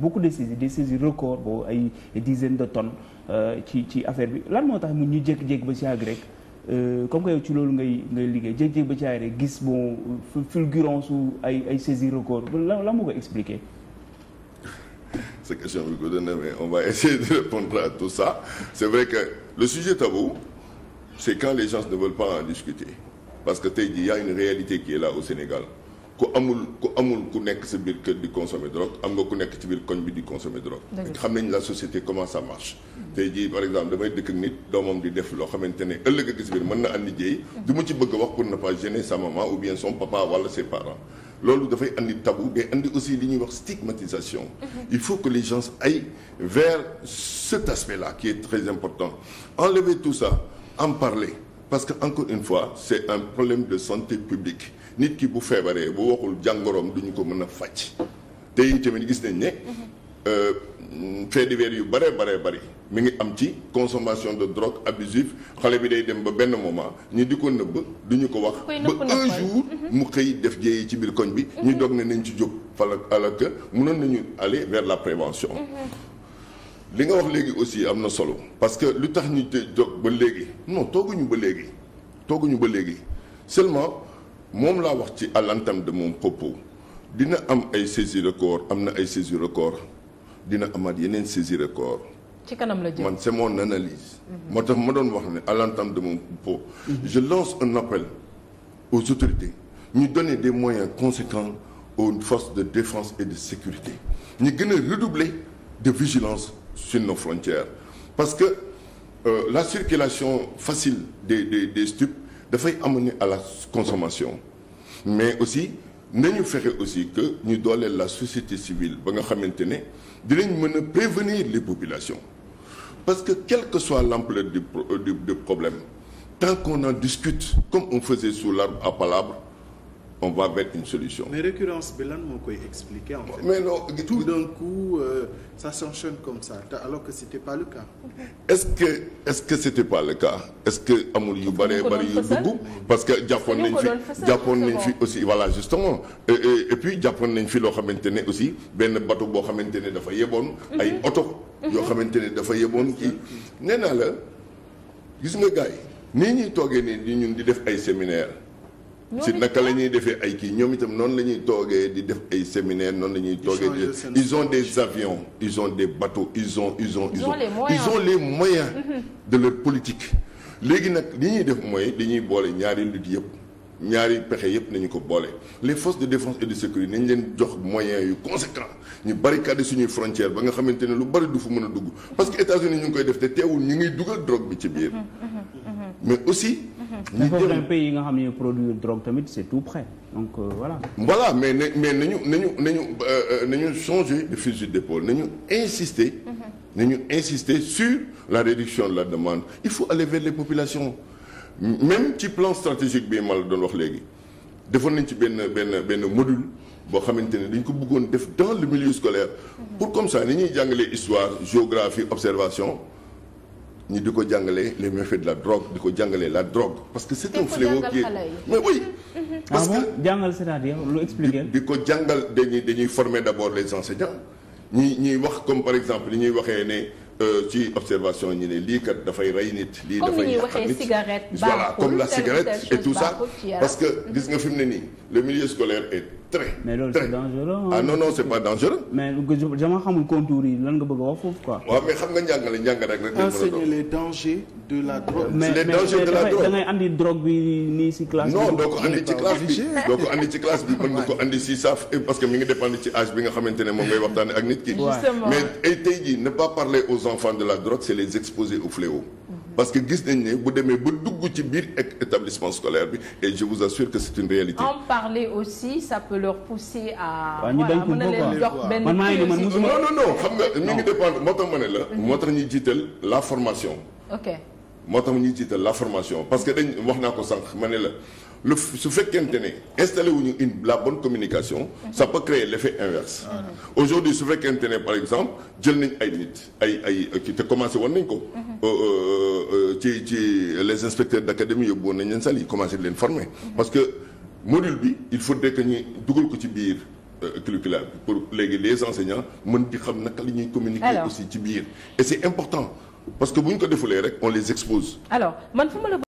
beaucoup de saisies des saisies record boobu ay dizaines de tonnes euh, ci ci affaire bi lan moo tax mu ñu jékki-jékki ba ci àgg rek euh, comme que yow ci loolu ngay ngay liggéey jékki-jékki ba ci àgg rek gis bon fulgurance su ay ay saisies record lan lan moo ko expliquer. c'est question bi ko dana mais on va essayer de répondre à tout sa c'est vrai que le sujet tabou c'est quand les gens ne veulent pas en discuter parce que tey jii y a une réalité qui est là au Sénégal. ku amul ku amul ku nekk sa biir kër di consommer drogue am nga ku nekk ci biir koñ bi di consommer drogue. xam nañ la société comment ça marche. tey jii par exemple damay dëkk ak nit doomam di def loo xamante ne ëllëg ak si biir mën na andi jéey. Mm. du mu ci bëgg a wax pour ne pas gêner sa maman ou bien son papa wala ses parents. loolu dafay andi tabou mais andi aussi li ñuy wax stigmatisation. Mm-hmm. il faut que les gens aillent vers cet aspect là qui est très important enlever tout ça en parce que encore une fois c'est un problème de santé publique. nit ki bu feebaree bu waxul jàngoroom du ñu ko mën a faj te yi tamit gis nañ ne. Euh, faits divers yu bare bare bëri mi ngi am ci consommation de drogue abusive xale bi day dem ba benn moment ñu di ko nëbb du ñu ko wax ba un jour mhm. mu xëy def jéey ci biir koñ bi mhm. ñu doog ne nañ ci jóg fala alors que mënoon nañu aller vers la prévention mhm. li nga wax léegi aussi am na solo parce que lu tax ñu jóg ba léegi non tooguñu ba léegi tooguñu ba léegi seulement moom laa wax ci à l'entame de mon propos dina am ay saisir record am na ay saisir record dina amaat yeneen saisir record ci la jëm man c'est mon analyse mhm. moo tax ma doon wax ne à l'entame de mon propos mhm. je lance un appel aux autorités ñu donner des moyens conséquents aux forces de défense et de sécurité ñi gën a redoubler de vigilance sur nos frontières parce que euh, la circulation facile des des des stupes dafay amener à la consommation mais aussi nañu fexe aussi que ñu dooleel la société civile ba nga xamante ne dinañ mën a prévenir les populations parce que quelle que soit l'ampleur du, euh, du, du problème tant qu'on en discute comme on faisait sous l'arbre à palabres on va vers solution. mais récurrence bi lan moo koy expliquer. mais non tout d'un coup euh, ça comme ça te alors que est-ce que est c'était pas le cas est-ce que amul yu bëree bëri yu dugg. parce que jàppoon nañ fi jàppoon nañ fi aussi voilà justement et, et, jàppoon nañ fi loo xamante ne aussi benn bateau boo xamante ne dafa yeboon. Mhm. ay oto. Mhm. yoo xamante ne dafa yeboon kii. Mhm. nee la gis nga gars yi ñuy toogee nii ñun di def ay séminaire si naka la ñuy defee ay kii ñoom itam noonu la ñuy toogee di def ay séminaire noonu la ñuy toogee di ils ont des avions ils ont des bateaux ils ont ils ont ils ont ils ont les mm-hmm. de leur politique léegi nag li ñuy def mooy ñuy boole ñaari lutte yëpp ñaari pexe yëpp nañu ko boole les forces de défense et de sécurité nañ leen jox moyen yu conséquents ñu barricade suñuy frontière ba nga xamante ne lu bari du fu mën a dugg parce que États-Unis ñu ngi koy def te teewul ñu ngi dugal drogue bi ci biir mm-hmm. Mm-hmm. ñu jëm yi nga xam ne produit drogue tamit c'est tout près donc euh, voilà. voilà mais na mais nañu nañu nañu euh, nañu changer de fusil d'épaule nañu insister. Mm-hmm. nañu insister sur la réduction de la demande il faut aller vers les populations même ci plan stratégique bi ma la doon wax léegi defoon nañ ci benn benn benn module boo xamante ne dañ ko buggoon def dans le milieu scolaire mm-hmm. pour comme ça ni ñuy jàngalee histoire géographie observation. ñu di ko jàngale le méfaits de la drogue di ko jàngalee la drogue. parce que c'est un fléau qui mais oui. Mhm. parce ah que jàngal c'est-à-dire lu expliquer. di ko jàngal dañuy dañuy former d'abord les enseignants ñi ñuy wax comme par exemple li ñuy waxee ne. Euh, ci observation ñi ne lii kat dafay rey nit. lii dafay yàq nit voilà comme la cigarette et tout ça parce que gis nga fi mu ne nii le milieu scolaire est très mais loolu c'est dangereux. ah non non c'est pas dangereux. mais dama xamul contour yi lan nga bëgg a wax foofu quoi. waaw mais xam nga njàngale njàngale rek. rek enseigner les dangers de la drogue. les dangers de la drogue mais mais da ngay andi drogue bi nii ci classe bi. non doo ko andi ci classe bi doo ko andi ci classe bi mën nga ko andi ci saaf parce que mi ngi dépendre ci âge bi nga xamante ne moom ngay waxtaanee ak nit ki. mais tey jii ne pas parler aux enfants de la drogue c'est les exposer au fléau. Mhm. parce que gis nañ ne bu demee ba dugg ci biir établissement scolaire bi et je vous assure que c'est une réalité. en parler aussi ça peut leur pousser a waaw ñu dañ ko man maa ngi man moo tax ma ne la. Mhm. moo tax ñuy jiital la formation. moo tax ñuy jiital la formation parce que dañ wax naa ko sànq ma ne la lu su fekkente ne wu ñu une la bonne communication. sa mhm. peut créer l'effet inverse. Mhm. aujourd'hui su fekkente ne par exemple jël nañ ay nit ay ay te commencé woon nañ ko. Euh, euh, euh, ci ci les inspecteurs d'académie yóbbu woon nañ leen salle yi leen former parce que. module bi il faudrait que ñu dugal ko ci biir euh, curriculum bi pour léegi les enseignants mën di xam naka la ñuy communiqué aussi ci biir et c'est important parce que bu ñu ko defulee rek on les expose alors